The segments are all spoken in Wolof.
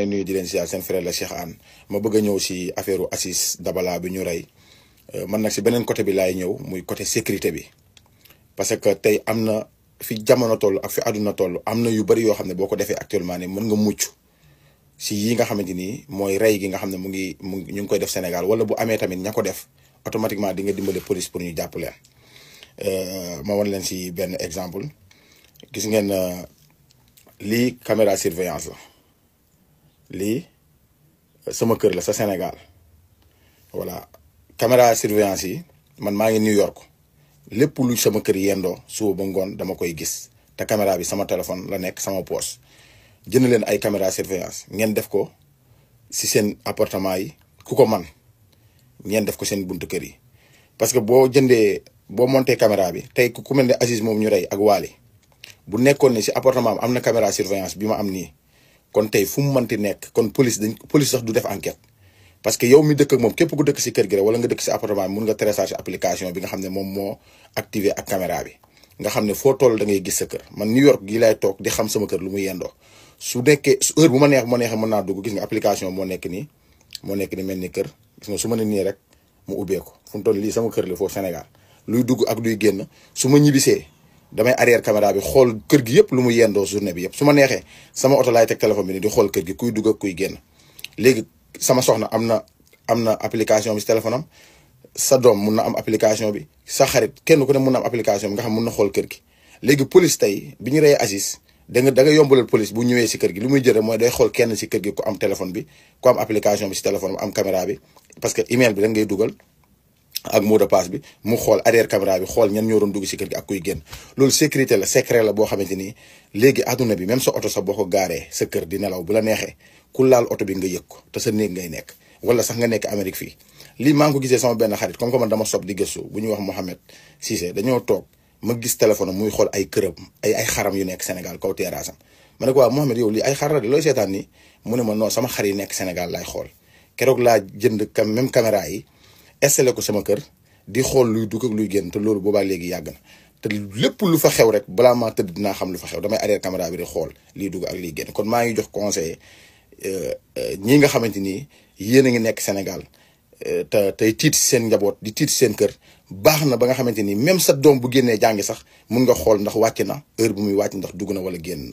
lay nuyu di len ziar sen frère la Cheikh an ma bëgg ñëw si affaireu assis Dabala bi ñu ray euh, man nak ci benen côté bi lay ñëw muy côté sécurité bi parce que tay amna amna fi jamono toll ak fi aduna toll amna yu bari yo xamne boko défé actuellement mën nga muccu si yi nga xamante ni mooy rey gi nga xamne mu ngi ñu ngi koy def Sénégal wala bu amé tamit ñako def automatiquement di nga polis police pour ñu japp leen euh, ma won leen ci benn exemple gis ngeen euh, li caméra surveillance lii sama kër la sa Sénégal voilà caméra surveillance yi man maa ngi New York lépp lu sama kër yendoo suba ba ngoon dama koy gis te caméra bi sama téléphone la nekk sama poche jënd leen ay caméra surveillance ngeen def ko si seen appartement yi ku ko man ngeen def ko seen buntu kër yi parce que boo jëndee boo monté caméra bi tey ku mel ne Aziz moom ñu rey ak Waly bu nekkoon ne si appartement am am na caméra surveillance bi ma am nii kon tey fu mu mënti nekk kon police dañ police sax du def enquête parce que yow mi dëkk ak moom képp ku dëkk si kër gi rek wala nga dëkk si appartement bi mun nga télécharger application bi nga xam ne moo activé ak caméra bi nga xam ne foo toll da gis sa kër man New York gi lay toog di xam sama kër lu muy yendoo su nekkee heure bu ma neex ma neexee mën naa dugg gis nga application moo nekk nii moo nekk ni mel ni kër gis nga su ma ne nii rek mu ubbeeku fu mu toll lii sama kër la foofu Sénégal luy dugg ak luy génn su ma ñibbisee damay arrière caméra bi xool kër gi yëpp lu mu yendoo journée bi yëpp su ma neexee sama oto laay teg téléphone bi ni di xool kër gi kuy dugg ak kuy génn léegi sama soxna am na am na application bi si téléphone am sa na am application bi sa xarit kenn ku ne mun na am application bi nga xam mun na xool kër gi léegi police tey bi ñu reyee Aziz da nga da nga yombalal police bu ñëwee si kër gi lu muy jëre mooy day xool kenn si kër gi ku am téléphone bi ku am application bi si téléphone am caméra bi parce que bi da ngay dugal ak mot de passe bi mu xool arrière caméra bi xool ñan ñoo doon dugg si kër gi ak kuy génn loolu sécurité la secret boo xamante ni léegi àdduna bi même sa oto sax boo gaaree sa kër di nelaw bu la neexee ku laal oto bi nga yëg ko te sa néeg ngay nekk wala sax nga nekk Amérique fii lii maa gisee sama benn xarit comme que man dama sob di gëstu bu ñuy wax Mohamed Cissé dañoo toog ma gis téléphone muy xool ay këram ay ay xaram yu nekk Sénégal kaw terrassam ma ne ko waaw Mohamed yow lii ay xar la de looy seetaan nii mu ne ma non sama xar yi nekk Sénégal laay xool keroog laa jënd même caméra yi installé ko sama kër di xool luy dugg ak luy génn te loolu boobaa léegi yàgg na te lépp lu fa xew rek balaa maa tëdd dinaa xam lu fa xew damay arrêté caméra bi di xool liy dugg ak liy génn kon maa ngi jox conseil euh, euh, ñii nga xamante ni yéen a ngi nekk Sénégal te tey tiit seen njaboot di tiit seen kër baax na ba nga xamante ni même sa doom bu génnee jàngi sax mun nga xool ndax wàcc na heure bu muy wàcc ndax dugg na wala génn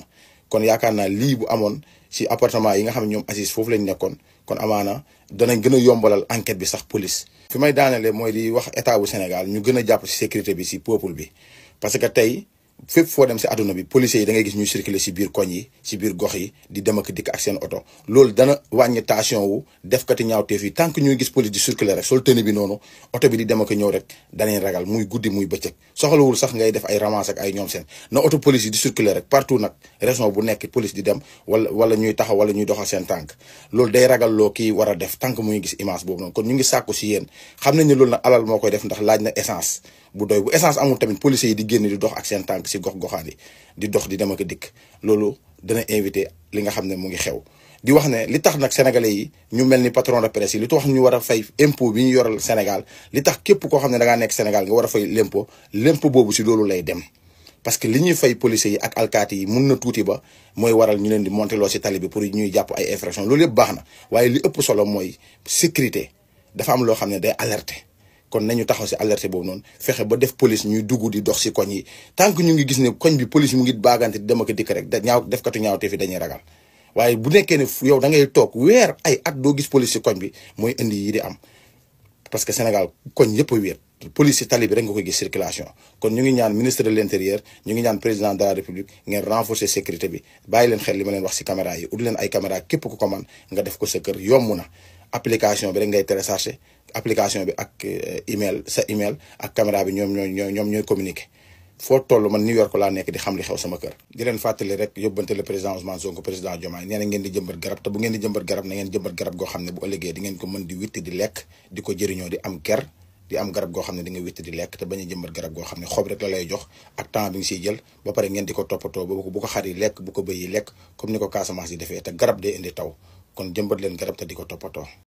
kon yaakaar naa lii bu amoon si appartement yi nga xam ne ñoom Aziz foofu lañ nekkoon kon amaana danañ gën a yombalal enquête bi sax police. fi may daanelee mooy di wax état bu Sénégal ñu gën a jàpp si sécurité bi si peuple bi parce que tey. fépp foo dem si àdduna bi policiers yi da ngay gis ñu circuler si biir koñ yi si biir gox yi di dem ak dikk ak seen oto loolu dana wàññi tension wu defkati ñaawteef yi tant que ñuy gis police di circuler rek sol bi noonu oto bi di dem ak ñëw rek danañ ragal muy guddi muy bëccëg soxlawul sax ngay def ay ramas ak ay ñoom seen na oto police yi di circuler rek partout nag région bu nekk police di dem wala wala ñuy taxaw wala ñuy doxal seen tànk loolu day ragal loo kii war a def tant que muy gis image boobu noonu kon ñu ngi sàkku si yéen xam nañ ne loolu nag alal moo koy def ndax laaj na essence bu doy bu essence amul tamit police yi di génn di dox ak seen tànk si gox-goxaan yi di dox di dem ak dikk loolu dana invité li nga xam ne mu ngi xew. di wax ne li tax nag sénégalais yi ñu mel ni patron de presse yi li tax ñu war a fay impôt bi ñu yoral Sénégal li tax képp koo xam ne da ngaa nekk Sénégal nga war a fay l'impôt l'impôt boobu si loolu lay dem. parce que li ñuy fay police yi ak alkaati yi mun na tuuti ba mooy waral ñu leen di monter loo si tali bi pour ñuy jàpp ay infraction loolu yëpp baax na waaye li ëpp solo mooy sécurité dafa am loo xam ne day alerter. kon nañu taxaw si alerte boobu noonu fexe ba def police ñu dugg di dox si koñ yi tant que ñu ngi gis ne koñ bi police mu ngi baagante dem ak rek da ñaaw defkatu ñaaw te fi dañuy ragal waaye bu nekkee ne yow dangay toog weer ay at doo gis police si koñ bi mooy indi yi di am parce que Sénégal koñ yëpp a wéet police si tali bi rek nga koy gis circulation kon ñu ngi ñaan ministre de l'intérieur ñu ngi ñaan président de la république ngeen renforcer sécurité bi bàyyi leen xel li ma leen wax si caméra yi ut leen ay caméra képp ku ko man nga def ko sa kër yomb na application bi rek ngay télécharger application bi ak eh, email sa email ak caméra bi ñoom ñooy ñooy ñoom ñooy communiquer foo toll man New York laa nekk di xam li xew sama kër. di leen fàttali rek yóbbante le président Ousmane Sonko président Diomaye nee na ngeen di jëmbat garab te bu ngeen di jëmbat garab na ngeen jëmbat garab goo lekk di am garab goo xam ne di nga witt di lekk te bañ a jëmbat garab goo xam ne xob rek la lay jox ak temps bi jël ba pare ngeen di ko toppatoo ba bu ko xar lekk bu ko bëy lekk comme ni ko Casamance yi defee te garab day indi taw kon jëmbat leen garab te di ko toppatoo.